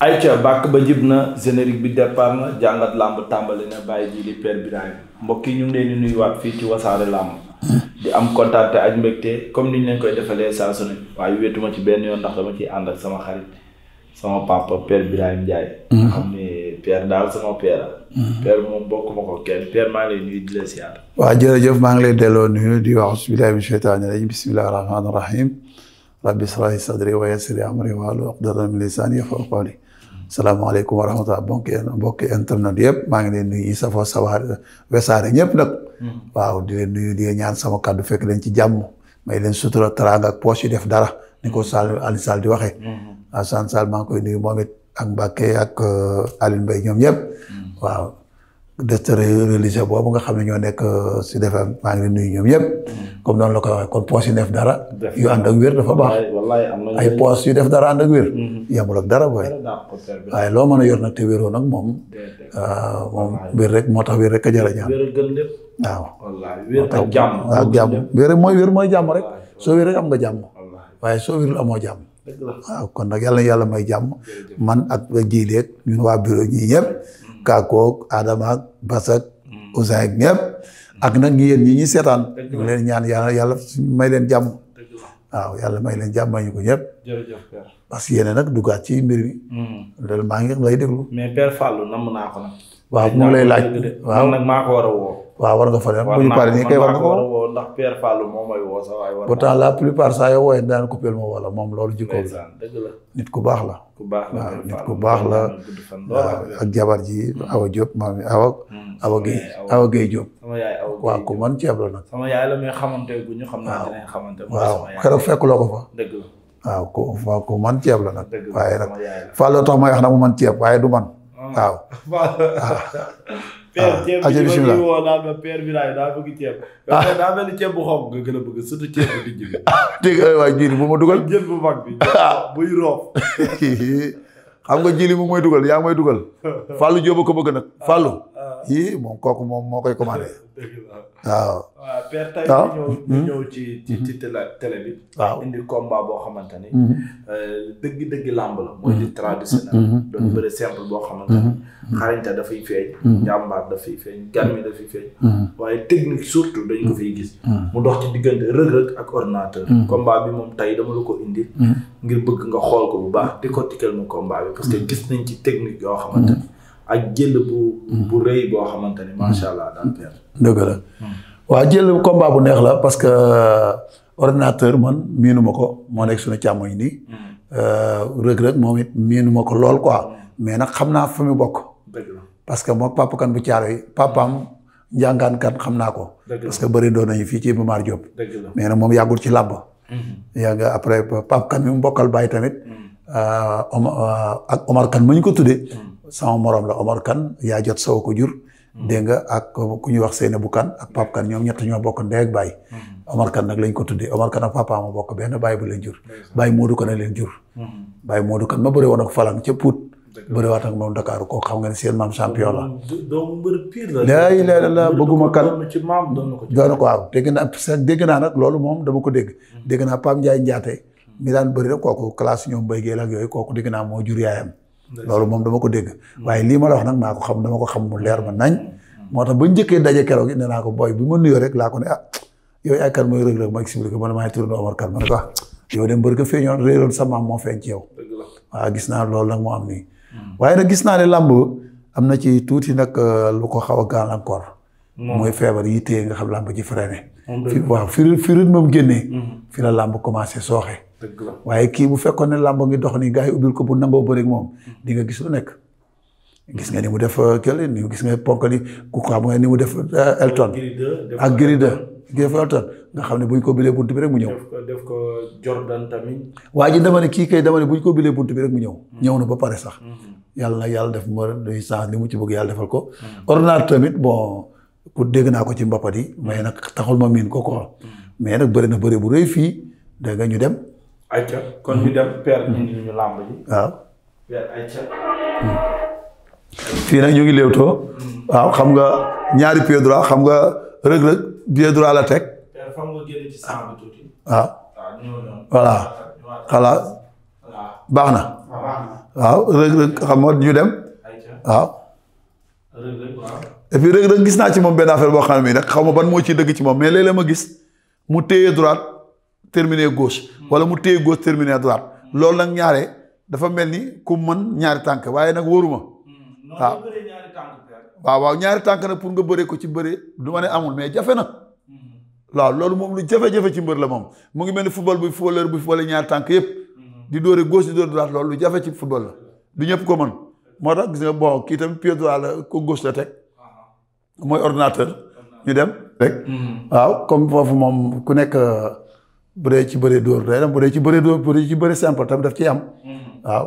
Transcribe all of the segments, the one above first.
ayca bàkk ba jib na générique bi départ na jàngat làmb tàmbali na bàyyi ji di Père Birahim mbokk yi ñu ngi leen fii ci wasaare làmb di am kontaan ak mbégte comme ni ñu koy defalee saa su ne waaye ci benn ndax dama ciy ànd ak sama xarit sama papa Père Birahim mm-hmm. xam ne Père daal sama père la. Mm-hmm. Père moom jërëjëf maa ngi lay delloo nuyu di wax bismillahi min shaytaani rajim bismillahi rahmaani rahim rabbi israh sadri wa yassir amri wahlul uqdatan min lisani yafqahu qawli salaamaaleykum wa rahmatulah mbokki mbokki internet yëpp maa ngi leen nuyu safoo sawaar wesaare ñëpp nag. Hmm. waaw di leen nuyu di ñaan sama kàddu fekk leen ci jàmm. may leen sutura teraanga ak poche yi def dara ni ko Sall Aliou Sall hmm. di waxee. Hmm. Assane Sall maa ngi koy nuyu moom it ak Mbacké ak Alioune Mbaye ñoom ñëpp. waaw directeur religieux boobu nga xam ne ñoo nekk si FM maa ngi leen nuyu ñoom ñëpp. comme noonu la koy waxee kon poos yu def dara. yu ànd ak wér dafa baax. ay poos yu def dara ànd ak wér. Mm-hmm. yamul ak dara booy. waaye loo mën a yor nag te wéroo nag moom. Ah, moom wér moo tax wér rek a a ñaan. waaw. wér ak jàmm ak jàmm mooy jàmm rek soo wér rek am nga jàmm. waaye soo wérul amoo jàmm. waaw kon nag yàlla na yàlla may jàmm man ak jiileeg ñun waa bureau ñi ñëpp. Mm-hmm. Kaakoog Adama Basak mm-hmm. Ousseyn ak ñëpp. ak nag ñi yéen ñi ñuy seetaan. mu leen ñaan yàlla yàlla may leen jàmm. waaw yàlla may leen jàmm may ñu ko ñëpp. jërëjëf père. parce que yéen nag duggaat ci mbir mi. Hmm. loolu maa ngi lay déglu. mais père Fallou namm naa waaw mu lay laaj waaw a waaw war nga fa dem bu ñu paree nii kay war nga ko ndax Pierre Fallou moom mooy saa yoo wooyee daan coupé ma wala moom loolu jikkoom la nit ku baax la waaw nit ku baax la waaw ak jabar ji Awa Diop maam hmm, Awa Awa Guèye Awa Guèye Diop waaw ku man ceeb la nag sama yaay la mais xamante gu ñu xam fekk loo ko fa dëgg la man ceeb la nag waaye nag Fallou tax may wax mu man ceeb waaye du man ah. waaw a ah, ceeb bi ñu ma woo naan ma père Birame daa bëgg ceeb. ah daa mel ni ceeb bu xonk nga gën a bëgg surtout ceeb bi di jënd. dégg nga waay jiili bu ma dugal. jël bu mag bi ah. buy xam nga jiili mu mooy dugal yaa mooy dugal. Fallou Diop ko bëgg nag Fallou. Ah, yii moom kooku moom moo koy commandé. waaw. waaw père tey ñu ñëw ci ci ci télé bi. waaw indi komba boo xamante ni. dëgg dëgg làmb la. mooy di traditionnel. doon bëri simple boo xamante ni. xarañta dafay feeñ. njàmbaar dafay feeñ garmi dafay feeñ. waaye technique surtout dañ ko fiy gis. mu ndox ci diggante rëg-rëg ak ordinateur. combat bi moom tey dama la ko indi. ngir bëgg nga xool ko bu baax di ko hmm. tikkal mu combat bi parce que gis nañ ci technique yoo xamante hmm. ak jël hmm. bu. rëy boo xamante ni macha hmm. allah dëgg la hmm. waa jël combat bu neex la parce que euh, ordinateur man miinu ma ko moo nekk suñu càmmoñ nii. Euh, rëg-rëg moom it miinu ma ko lool quoi mais nag xam naa fa mu bokk. parce que moom papa kan bu caaro yi papaam njàngaan kan xam naa ko. parce bëri doon nañu fii ci Bamar Diop. mais nag moom yàggul ci làmb. yaa nga après papa kan mu bokkal bàyyi tamit. Euh, ak Omar kan ma ñu ko tuddee. sama morom la Omar Kane yaa jot sow ko jur. dégg nga ak ku ñuy wax Seynabou Kane ak Pape Kane ñoom ñett ñoo bokk ndey ak baay. Hmm. Omar Kane nag lañ ko tuddee Omar Kane ak papa ma bokk benn baay bu leen jur. baay Modou Kane leen jur. Hmm. baay Modou Kane ma bëri woon ak Falang ca Pout. bëri waat ak moom Dakar koo xam nga ne seen maam champion la. doomu mbër pire la. laay la la bëgguma kan ci maam ko. na ko waaw dégg moom dama ko dégg. Hmm. dégg naa Pape Ndiaye Ndiaté. mi daan bëri kooku classe ñoom béygee ak yooyu kooku dégg naa moo jur yaayam loolu moom dama ko dégg waaye lii ma la wax nag maa ko xam dama ko xam mu leer ma nañ mm-hmm. moo tax ba njëkkee daje keroog nee naa ko booy bi ma nuyoo rek laa ko ne ah yooyu ay kan mooy Reug Reug ma expliqué ma ne maa ngi tudd Omar Kan moo feeñ ci gis naa loolu nag moo mm-hmm. waaye nag gis naa ne làmb am na ci tuuti nag euh, lu ko xaw a gàllankoor mooy feebar yi téye nga xam làmb ci freiné fi waaw fi fi moom génnee mm-hmm. fi la làmb commencé sooxe waaye kii bu fekkoon ne làmb ngi dox nii gars yi ubbil ko bu nangoo bëri moom di nga gis lu nekk. gis nga ni mu def euh, kële ni gis nga ponk ni ku xam nga ni mu def euh, Elton. ak Gris 2 def Elton nga xam ne bu ñu ko bilee bunt bi rek mu ñëw. def ko def ko tamit. waa ji dama kii kay dama bu ñu ko bilee bi rek mu ñëw. Hmm. ñëw na ba pare sax. Hmm. yàlla na yàlla def ma luy sens ni mu ci bëgg yàlla defal ko. Hmm. ordinateur tamit bon pour dégg naa ko ci mbapat yi. mais nag taxul ma miin ko ko mais nag bëri na bëri bu rëy fii da nga ñu dem. ayca mhm. kon ñu waaw. fii nag ñu ngi léewtoo. Mhm. waaw xam nga ñaari pied droit xam nga rëg-rëg pied droit la teg. waaw. voilà. voilà baax na. waaw rëg-rëg xam nga ñu dem. waaw. et rëg-rëg gis naa ci moom benn affaire boo xam ne bii nag xaw ma ban moo ciy dëgg ci moom mais léeg-léeg ma gis mu téye droite. terminer gauche. wala mu téye gauche terminer à lool hmm. loolu nag ñaare dafa mel ni ku mën ñaari tànk waaye nag wóoruma. Hmm. waaw waaw waaw ñaari tànk nag pour nga bëree ko ci bëree lu ma ne amul mais jafe na. Hmm. waaw loolu moom lu jafe-jafe ci mbër la moom mu ngi mel ni football bu footballeur bu football ñaari tànk yëpp. di dóore gauche di dóore droite loolu lu jafe ci football la du ñëpp ko mën. moo tax gis nga bon kii tamit pied la ko gauche la teg mooy ordinateur ñu dem waaw comme foofu bu dee ci bëre dóor day dem bu dee ci bëre dóor bu dee ci bëre simple tam daf ciy am. Mm-hmm. waaw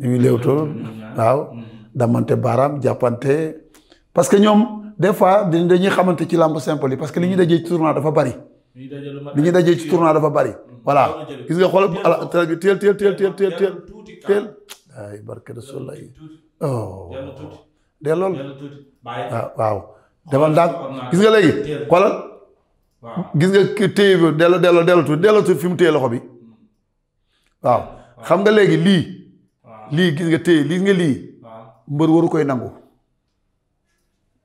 ñu ngi léewtoo mm-hmm. waaw mm-hmm. damante baaraam jàppante parce que ñoom des fois dañuy xamante ci làmb simple yi parce que li ñuy dajee ci tournoi dafa bari. li ñuy dajee ci tournoi dafa bari. voilà gis nga xool teel teel teel teel teel teel teel teel. ay barke rasulaay oh de lool ah, waaw waaw. gis nga léegi xoolal. gis nga téye bi delloo delloo dellatu fi mu téye loxo bi waaw xam nga léegi lii lii gis nga téye lii nga lii mbër waru koy nangu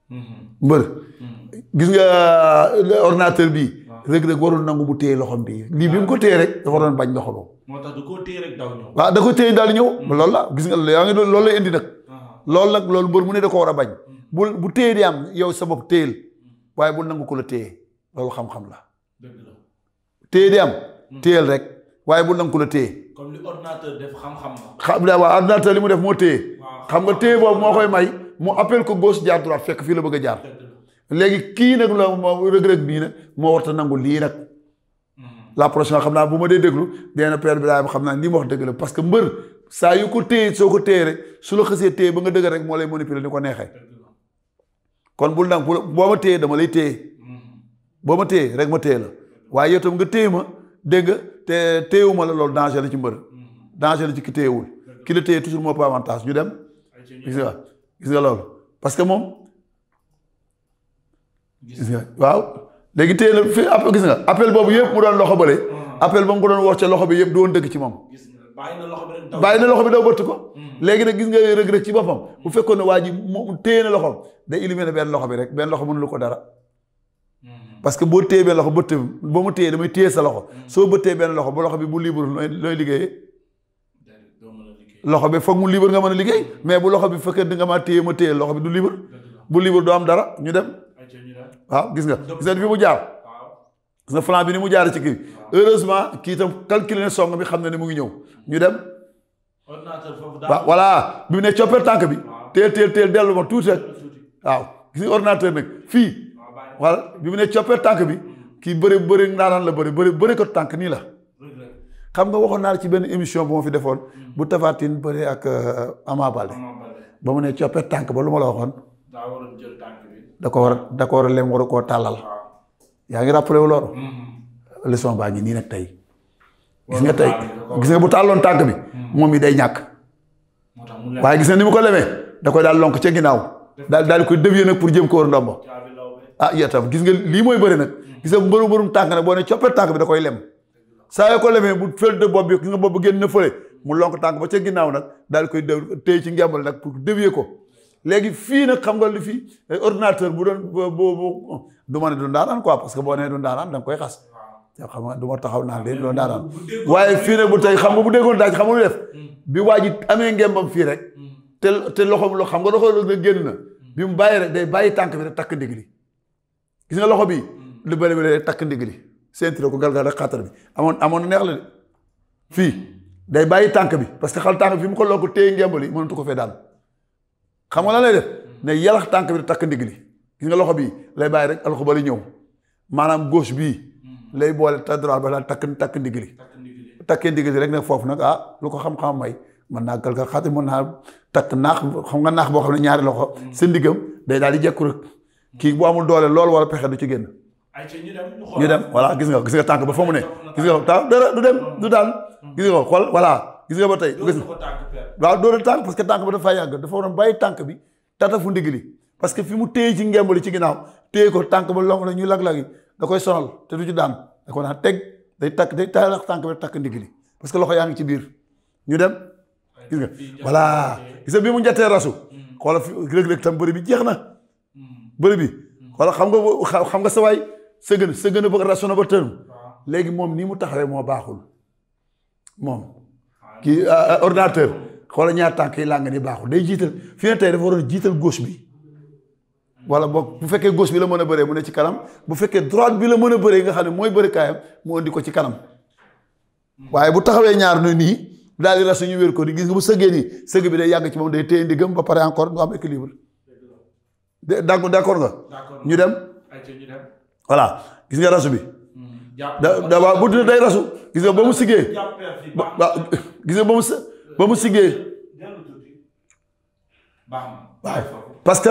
mm-hmm. mbër mm-hmm. gis nga euh, ordinateur bi rek rek warul nangu mu téye loxom bi lii bi mu ko téye rek dafa doon bañ loxo boobu moo da koo téye ko téye daal ñëw mm-hmm. loolu la gis nga yaa ngi indi nag ah. loolu nag loolu mbër mu ne da ko war a bañ bu bu téye di am yow sa bopp téyel waaye bul nangu ko la téye loolu xam-xam la. téye di am. téyel rek waaye bu nangu ko la téye. comme ordinateur def xam-xam la. xam daa waaw ordinateur def moo téye. xam nga téye boobu moo koy may mu appel ko gauche jaar droite fekk fii la bëgg a jaar. léegi kii nag la moom rëg-rëg bii nag moo warta nangu lii nag. Mm-hmm. la xam naa bu ma dee déglu dee na père bi xam naa li mu wax dëgg la parce que mbër saa yu ko téye soo ko téye rek su la xësee téye ba nga dëgg rek moo lay manipuler ni ko neexee. kon bul nangu boo ma téye dama lay téye. boo ma téye rek ma téye la waaye yow tam nga téye ma dégg te téyewu ma la loolu danger la ci mbër danger la ci ki téyewul ki la téye toujours moo pas avantage ñu dem gis nga lool parce que moom gis nga waaw léegi téye la fi app gis nga appel boobu yëpp mu doon loxo bële appel ba mu ko doon wax ca loxo bi yëpp du woon dëgg ci moom bàyyi na loxo bi daw bëtt ko hmm. léegi nag gis nga rëg-rëg ci boppam bu fekkoon ne waa ji moom téye na benn loxo bi rek benn loxo mënul ko dara parce que boo téye benn loxo bëtt ba mu téye damay téye sa loxo mm. soo bëttee benn loxo ba loxo bi bu libre looy liggéey loxo bi foog mu libre nga mën a liggéey mm. mais bu loxo bi fekkee di nga maa téye ma téye loxo bi du libre bu libre doo am dara ñu dem waaw gis nga gis nga fi mu jaar gis nga flan bi ni mu jaar ci kii heureusement kii itam calculé ne song bi xam na ne mu ngi ñëw ñu dem waaw voilà bi mu ne coppee tànk bi teel teel teel dellu ma tuuti rek fii wala bi mu ne coppee tànk bi kii bëri bëri ndaanaan la bëri bëri bëri ko tànk nii la. xam nga waxoon naa la ci benn émission bu ma fi defoon bu Tapha Tine bëri ak euh, Ama Baldé ba mu ne coppee tànk ba lu ma la waxoon. da ko war a da ko war a lem waru koo tàllal. yaa ngi rappelé wu loolu. Mm-hmm. leçon baa nii nag tey. gis nga tey gis nga bu tàlloon tànk bi. Mm-hmm. moom yi day ñàkk. waaye gis nga ni mu ko lemee da koy daal lonk ca ginnaaw. daal daal koy dévier nag pour jëm ko wër ah yar gis nga lii mooy bëri nag gis nga mbëru mbërum tànk nag boo ne coppee tànk bi da koy lem saa yoo ko lemee bu fël de bopp bi gis nga bopp bi génn na fële mu lonk tànk ba ginnaaw nag daal koy dé téy ci ngembal nag pour dévier ko léegi fii nag xam nga li fii eh, ordinateur bu doon boobu du ma ne du ndaanaan quoi parce que boo nee du ndaanaan da nga koy xas xam nga du ma taxaw naa leen doo ndaanaan waaye fii bu tey xam nga bu déggoon daaj xam nga lu bi waa ji amee ngembam fii rek te te loxoom lo xam nga loxo nga génn na bi mu bàyyi rek day bàyyi tànk bi rek takk ndigli gis nga loxo bi lu bëri bëri takk ndigg li ceinture ko galgal ak xaatar bi amoon amoon neex la de fii day bàyyi tànk bi parce que xal tànk bi fi mu ko lokk téye ngembali mënatu ko fee daal xam nga lan lay def mm. yalax tànk bi di takk ndigg loxo bii lay bàyyi rek alxubali ñëw maanaam gauche bii mm. lay boole ta droit ba takk takk ndigg li takkee rek nag foofu nag ah lu ko xam-xam mën naa galgal xaatar mën naa takk naax xam nga naax boo xam ne ñaari loxo mm. sa ndiggam day daal di jekku rek kii bu amul doole lool war a pexe du ci génn. ñu dem voilà gis nga gis nga tànk ba fa mu ne. gis nga tànk dara du dem du daan. gis nga xool voilà gis nga ba tey. gis waaw doo tànk parce que tànk dafa yàgg dafa waroon bàyyi tànk bi que fi mu téye ci ngembali ci ginnaaw téye ko tànk ba long la ñuy lag-lag yi da koy sonal te du daan da ko naan teg day takk day taalax tànk bi takk ndigg li parce que loxo yaa ngi ci biir ñu dem. gis nga voilà gis nga bi mu njattee rasu. Hmm. xoolal fi rëg-rëg tam bëri bi jeex na bëri bi wala xam nga xam nga sa waay sa gën sa gën ba tënk léegi moom nii mu taxawee moo baaxul moom kii ah, ah, ordinateur xoola ñaar tànk yi làng ni baaxul day jiital fi ne tey dafa waroon jiital gauche bi wala boog bu fekkee gos bi la mën a bëree mu ne ci kanam bu fekkee droite bi la mën a bëree nga xam ne mooy bëri kaayam mu indi ko ci kanam waaye bu taxawee ñaar nu nii daal di rasu ñu wér ko di gis nga bu sëggee nii sëgg bi day yàgg ci moom day téye ndigam ba pare encore du am équilibre d'accord d'accord nga. ñu dem. voilà gis nga rasu bi. Hmm, da waaw bu day rasu. gis nga ba mu siggee. ba gis nga ba mu mu siggee. waaw parce que.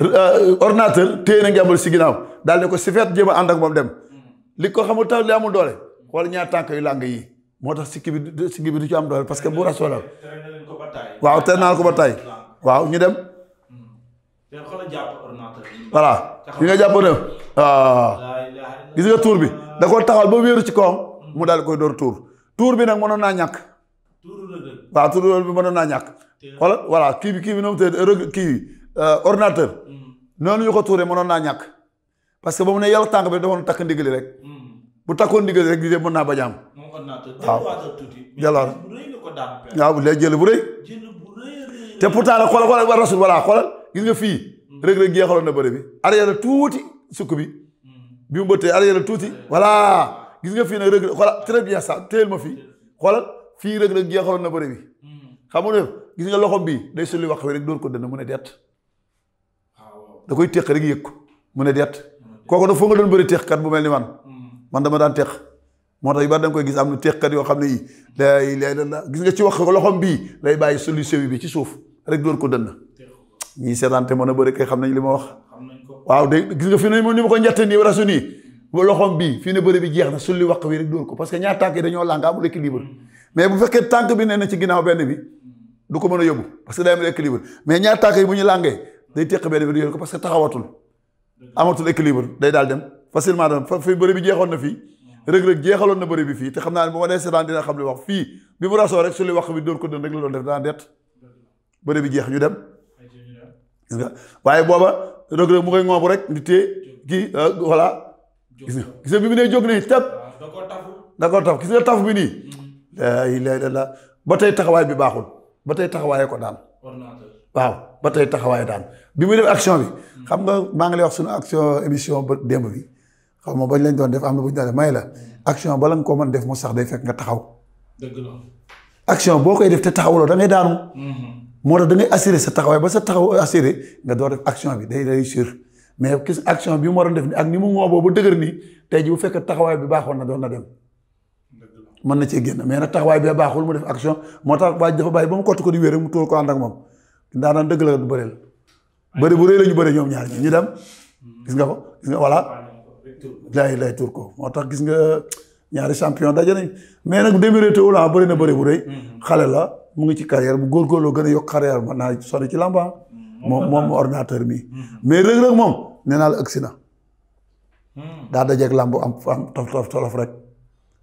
Euh, ordinateur téye na njàmbur si ginnaaw daal ne ko si feet jéem a ànd ak moom dem. Hmm. li ko xamul taw li amul doole. wala ñaar tànk yi làng yi. moo tax sikki bi du ci am doole parce que bu rasoo la. waaw te naa ko ba tay waaw ñu dem. voilà yi nga jàpp ne waaw ah. gis nga tuur bi da koo taxal ba wéeru ci kawam mm. mu daal koy door tuur tuur bi nag mënoon naa ñàkk waaw tuur bi mënoon naa ñàkk wala voilà kii bi kii bi noonu te kii bi euh, ordinateur mm. noonu ñu ko tuuree mënoon naa ñàkk parce que ba mu ne yàlla tànk bi dafa takk ndigali rek mm. bu takkoon ndigali rek lii mën naa ba waaw jàllar waaw léegi jël bu rëy te pourtant nag xoolal xoolal rasul voilà xoolal gis nga fii rëg-rëg jeexaloon na bëri bi arrière tuuti sukk bi bi mu bëttee arrière tuuti voilà gis nga fii nag rëg xoolal très bien ça téyel ma fii xoolal fii rek rëg jeexaloon na bëri bi xam nga gis nga loxom bii day sulli wax wi rek dóor ko dënn mu ne deet da koy teq rek yëg ko mu ne deet kooku nag foo nga doon bëri teqkat bu mel ni man man dama daan teq moo tax yu bari koy gis am na teqkat yoo xam ne yi lay lay la gis nga wax ko loxom bii lay bàyyi soli sewi bi ci suuf rek dóor ko dënn ñii seetaan te mën a bëri kay xam nañ li ma wax. waaw de gis nga fi ne moom ni ma ko njëttee nii rasu nii loxoom bii fii ne bëri bi jeex na sulli wax que ñaar tànk yi dañoo làng amul équilibre mm. mais bu fekkee tànk bi nee na ci ginnaaw benn ko mën a yóbbu parce que day am équilibre mais ñaar tànk yi bu ñu fii mm. rëg naa ne bu ma rek la doon def daan det bëri bi jeex ñu dem gis nga waaye booba Reug Reug mu koy ngoobu rek di téye kii euh, voilà gis nga gis nga bi mu nee jóg nii tëb d'accord taf gis nga taf bi nii mm-hmm. la ilaha illallah ba tey taxawaay bi baaxul ba tey taxawaayee ko daan waaw ba tey taxawaay daan bi muy def action bi mm-hmm. xam nga maa ngi lay wax suñu action émission ba démb bi xam nga bañ lañ doon def am na bu ñu doon def may la mm-hmm. action bala nga koo mën def mu sax day fekk nga taxaw dëgg action boo koy def te taxawuloo da daanu moo tax da ngay assurer sa taxawaay ba sa taxaw assurer nga door def action bi day réussir mais gis action bi mu waroon def ni ak ni mu ŋoo boobu dëgër nii tey ji bu fekkee taxawaay bi baaxoon na doon na dem mën na cee génn mais nag taxawaay bi baaxul mu def action moo tax waaj dafa bàyyi ba mu kott ko di wéer mu tóor ko ànd ak moom daanaan dëgg la du bëreel bëri bu rëy la ñu bëri ñoom ñaar ñi ñu dem gis nga ko gis nga voilà lay lay tuur ko moo tax gis nga ñaari champion daje nañ mais nag démérité wula bëri na bëri bu rëy mm-hmm. xale la mu ngi ci carrière bu góorgóorloo gën a yokk carrière man naa sori ci làmba moom moom ordinateur mi mm-hmm. mais Reug Reug moom nee naa la ëgsi na mm-hmm. daa dajeeg làmb am am tof rek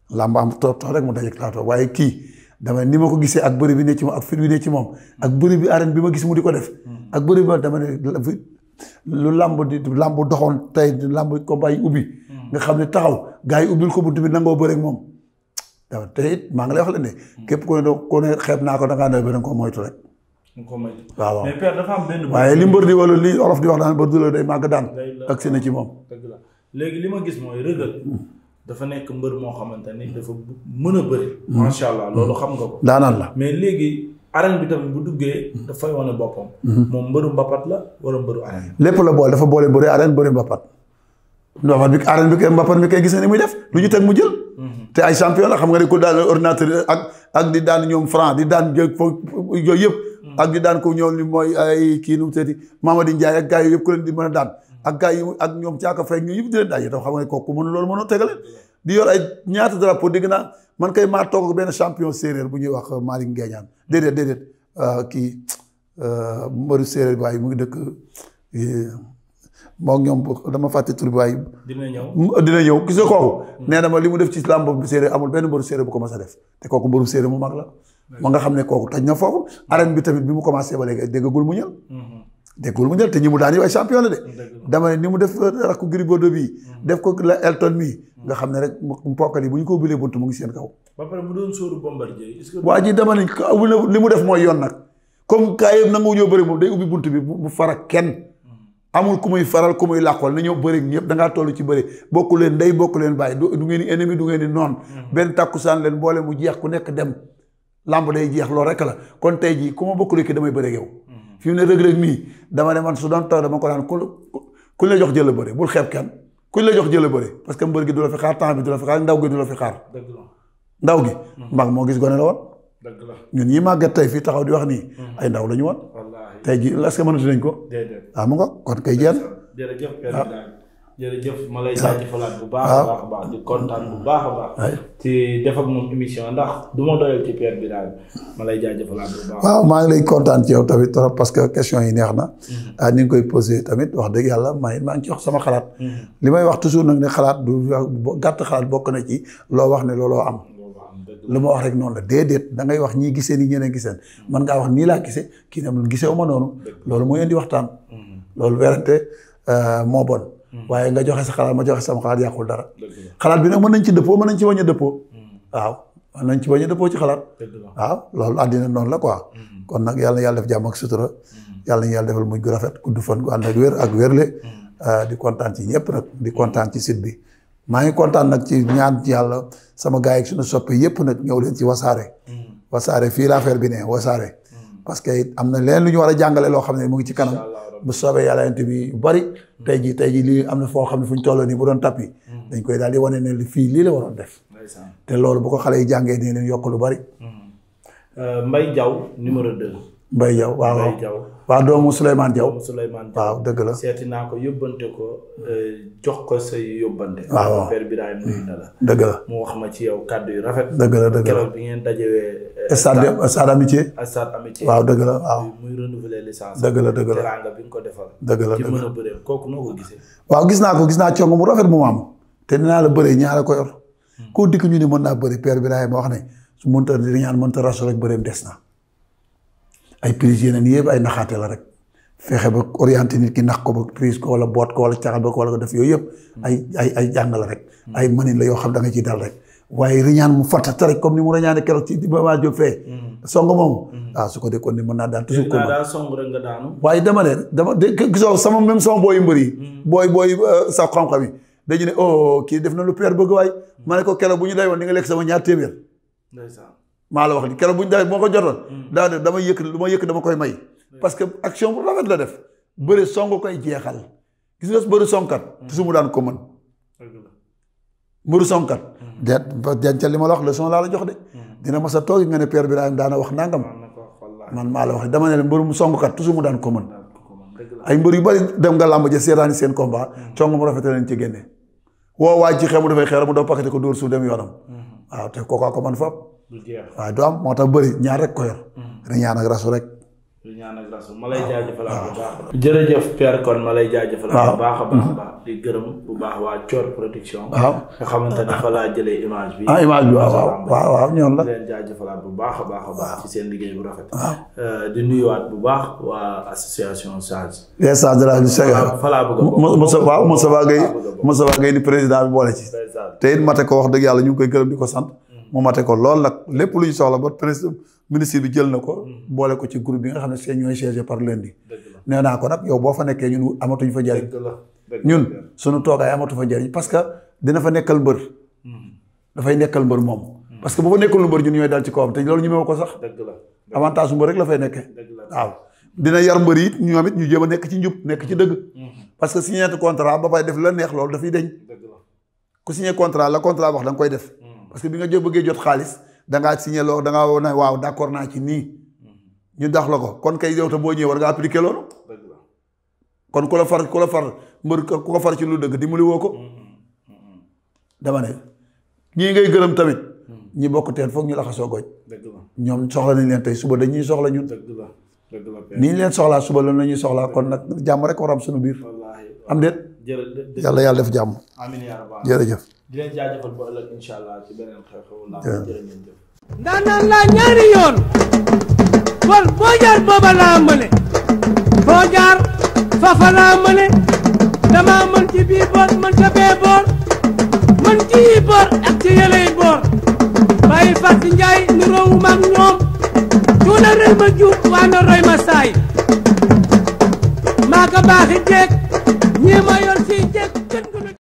làmb am tof rek mu dajeeg plateau waaye kii dama ni ma ko gisee ak bëri bi ne ci moom ak ci moom mm-hmm. ak bëri bi arène bi ma gis mu di ko def ak bëri bi ma lu làmb di làmb doxoon tey làmb ko bàyyi ubbi nga xam ne taxaw gaa yi ubbil ko buntu bi nangoo bëreeg moom waaw te it maa ngi lay wax la ne. Hmm. képp ku ne ku ne xeeb naa ko da ngaa doy ba da nga koo moytu rek. waaw waaye li mbër di wala li olof di wax daan la daan. ak na ci moom. dëgg la léegi li ma gis mooy hmm. dafa nekk mbër moo xamante ne dafa mën hmm. macha allah loolu xam nga ko. daanaan mais léegi. arène bi tamit bu duggee dafay wane boppam. moom mbëru mbapat la wala mbëru arène. lépp la boole dafa boole bëri arène bëri mbapat. mbapat bi arène bi kay mbapat bi kay gis na ni muy def lu ñu teg mu jël. Mhm. te ay champion la xam nga ne ku daan ordinateur ak ak di daan ñoom franc di daan yooyu yëpp. Mhm. ak di daan ko ñëw ni mooy ay kii nu mu seeti Mamadi Ndiaye ak gars yi yëpp ku leen di mën a daan. Mhm. ak gars yi ak ñoom caaka fay ñu yëpp di leen daan yi tam xam nga ne ko mënu loolu mënoo tegale di yor ay ñaata drapeau digg naa man kay maa toog benn champion séeréer bu ñuy wax euh, Malick Nguéniane déedéet déedéet euh, kii euh, mbaru séeréer waaye mu ngi dëkk. moom ñoom dama fàtte tur bi waaye. dina ñëw dina ñëw gis nga kooku. nee ma li mu def ci islam boobu séeréer amul benn mbëru séeréer bu ko mas a def te kooku mbëru séeréer mu mag la. ma nga xam ne kooku mhm. te ñi mu daan yow champion la de. dama ne ni mu def rakku Gris Bordeaux bi mhm. def ko la Elton mii. Mhm. nga xam ne rek mpokkal yi bu ñu ko bilee bunt mu ngi seen kaw. waa ji dama ne li mu def mooy yoon nag comme kaa nangu ñoo bëri moom day ubbi bunt bi bu farak kenn amul ku muy faral ku muy làqool na ñëw bëri ñëpp da ngaa toll ci bëri bokk leen ndey bokk leen bàyyi du ngeen ni ennemi du ngeen ni noon mm-hmm. benn tàkkusaan leen boole mu jeex ku nekk dem làmb day jeex loolu rek la kon tey jii ku ma bokkul ki damay bëri yow mm-hmm. fi mu ne dama ne su doon taw dama ko daan ku kuñ la jox jëla bëri bul xeeb kenn kuñ la jox jëla bëri parce que mbër gi du la fi xaar temps bi du la fi xaar ndaw gi du la fi xaar ndaw gi mag mm-hmm. moo gis gone la woon ñun ñi màggat tey fii taxaw di wax nii ay la ñu woon tey jii est-ce que mënatu ko. déedéet waaw ah, nga kon kay jeex jërëjëf Père Birahim ah. ma lay ah. bu baax a kontaan bu baax a ci def ak moom du ma doyal ci Père Birahim ma lay jaajëfalaat bu waaw maa ngi lay kontaan ci yow tamit trop parce que question yi neex na. Mhm. ah ni nga koy posé tamit wax dëgg yàlla maa maa ngi ci wax sama xalaat. Mhm. li may wax toujours nag ne xalaat du gàtt xalaat bokk na ci loo wax ne looloo am. lu ma wax rek noonu la déedéet da ngay wax ñii gisee ni ñeneen giseen man ngaa wax nii laa gisee kii ne gisee wu ma noonu loolu mooy indi waxtaan mm-hmm. loolu werante euh, moo bon mm-hmm. waaye nga joxe sa xalaat ma joxe sama xalaat yàqul dara xalaat bi nag mën nañ ci dëppoo mën nañ ci wañ a dëppoo mm-hmm. waaw mën nañ ci wañ a dëppoo ci xalaat waaw loolu àddina noonu la ko kon nag yàlla na yàlla def jàmm ak sutura yàlla nañu yàlla defal mujj gu rafet gudd fan gu ànd ak wér ak wérle euh, di kontaan ci ñëpp nag di kontaan ci sit bi maa ngi kontaan nag ci ñaan yàlla sama gaa yi suñu soppe yëpp nag ñëw leen ci wasaare. Mm. wasaare fii la affaire bi ne wasaare. Mm. parce que am na leen lu ñu war a jàngale loo xam ne mu ngi ci kanam. bu soobee yàlla yent bi bari. Mm. tey jii tey jii lii am na foo xam ne fu ñu toll nii bu doon tappi. dañ koy daal di wane ne fii lii la waroon def. te loolu bu ko xale yi jàngee dañ leen yokk lu bari. Euh, Mbaye Diaw numéro 2. Mbaye Diaw waaw waaw Mbaye Diaw waaw doomu Souleymane Diaw doomu Souleymane Diaw waaw dëgg la seeti naa ko yóbbante ko eh, jox ko say yóbbante waaw waaw père Birahim nuyu na la mm, dëgg la mu wax ma ci yow kàddu yu rafet dëgg la dëgg la keroog bi ngeen dajewee eh, stade stade amitié stade amitié waaw dëgg la waaw muy renouveler licence dëgg la dëgg la teranga bi nga ko defal dëgg la dëgg la ci mën a bëree kooku noo ko gisee waaw gis naa ko gis naa cong mu rafet mu am te dinaa la bëree ñaara ko yor hmm. koo dikk ñu ni mën naa bëri père Birahim wax ne su mënta di ñaan mënta rasu rek bëreem des na ay prise yeneen yëpp ay naxaate la rek fexe ba orienté nit ki nax ko ba prise ko wala boot ko wala caxal ba ko wala ko def yooyu yëpp ay ay jàng la rek mm. ay mënin la yoo xam da nga ciy dal rek waaye riñaan mu fattata rek comme ni mu rañaane keroog ci Ibrahima Diop fee mm. song mm. ah, ne dama de gisoo sama même sama booy mbër yi booy booy euh, sa xam-xam yi dañu ne oh, kii def na lu père bëgg waay ma ne ko keroog bu ñu day woon di nga lekk sama ñaar téeméer maa la wax li keroog bu ñu dawee moo ko jotoon hmm. daa def dama yëkk lu ma yëkk dama koy may hmm. parce que action bu rafet la def bëri song koy jeexal gis nga bëri songkat hmm. su mu daan ko mën mbëru songkat de dencal li la wax leçon laa la jox de dina mas a toogi nga ne Père Birahim daana wax nangam man maa la wax dama ne la mbërum songkat toujours mu daan ko mën ay mbër yu bari dem nga làmb ja seetaani seen combat cong mu rafete lañ ci génne woo waaj ci xew mu dafay xeer mu daw pakate ko dóor suuf dem yoonam waaw ah, te kooku man fop waaw du am moo tax bëri ñaar rek ko yor. Mm. dañu ñaan ak rasu rek. du ñaan ak rasu ma lay jaajëfal bu baax jërëjëf Père kon ma lay jaajëfal. waaw bu baax a mm-hmm. baax di gërëm bu baax waa Thior production. waaw nga xamante ne fa laa jëlee image bi. ah image bi waaw waaw waaw ñoom la. di leen jaajëfalaat bu baax a baax a baax. ci seen liggéey bu rafet. waaw euh, di nuyuwaat bu baax waa association Sage. les Sages de la du Sénégal. fa laa bëgg a bokk Moussa waaw Moussa Gueye Moussa Gueye di président bi boole ci. te it mate ko wax dëgg yàlla ñu ngi koy gërëm di ko sant mu mate ko loolu nag lépp lu ñu soxla ba président ministre bi jël na ko. Mm-hmm. boole ko ci group bi nga xam ne seen ñooy siégé par lundi. nee naa ko nag yow boo fa nekkee ñun amatuñ fa njariñ. ñun suñu toogaay amatu fa njariñ parce que dina fa nekkal mbër. Mm-hmm. dafay nekkal mbër moom. Mm-hmm. parce que bu fa nekkul mbër ñun ñooy dal ci kawam te loolu ko sax. avantage la fay nekkee. waaw dina yar mbër yi ñoom it ñu jéem a nekk ci njub nekk ci dëgg. parce que signé contrat ba pay def la neex loolu dafay deñ ku signé contrat la contrat wax danga koy def parce que bi nga jo bëggee jot xaalis da ngaa signé loolu waaw d' accord naa ci nii mm-hmm. ñu dax la ko kon kay yow te boo ñëwee war ngaa appliqué loolu. kon ku la far ku la far mbër ku ko far ci lu dëgg di dimbali woo ko. Mm-hmm. dama ne ñii ngay gërëm tamit. Mm-hmm. ñu bokk teen foog ñu la xasoo goj ñoom soxla nañ leen tey suba dañuy soxla ñun. ni ñu leen soxlaa suba loolu la ñuy soxlaa kon nag jàmm rek war am suñu biir. am déet. yàlla yàlla def jàmm. amiin jërëjëf. di leen laa jërë ngeen jëf booba laa mëne boo jaar fafa laa mëne mën ci mën ca mën ci yi boor ak ci yëley nu roowu maag ñoom tuuna rëy ma waa na roy ma saay maa ko baaxi ñii ma yor fii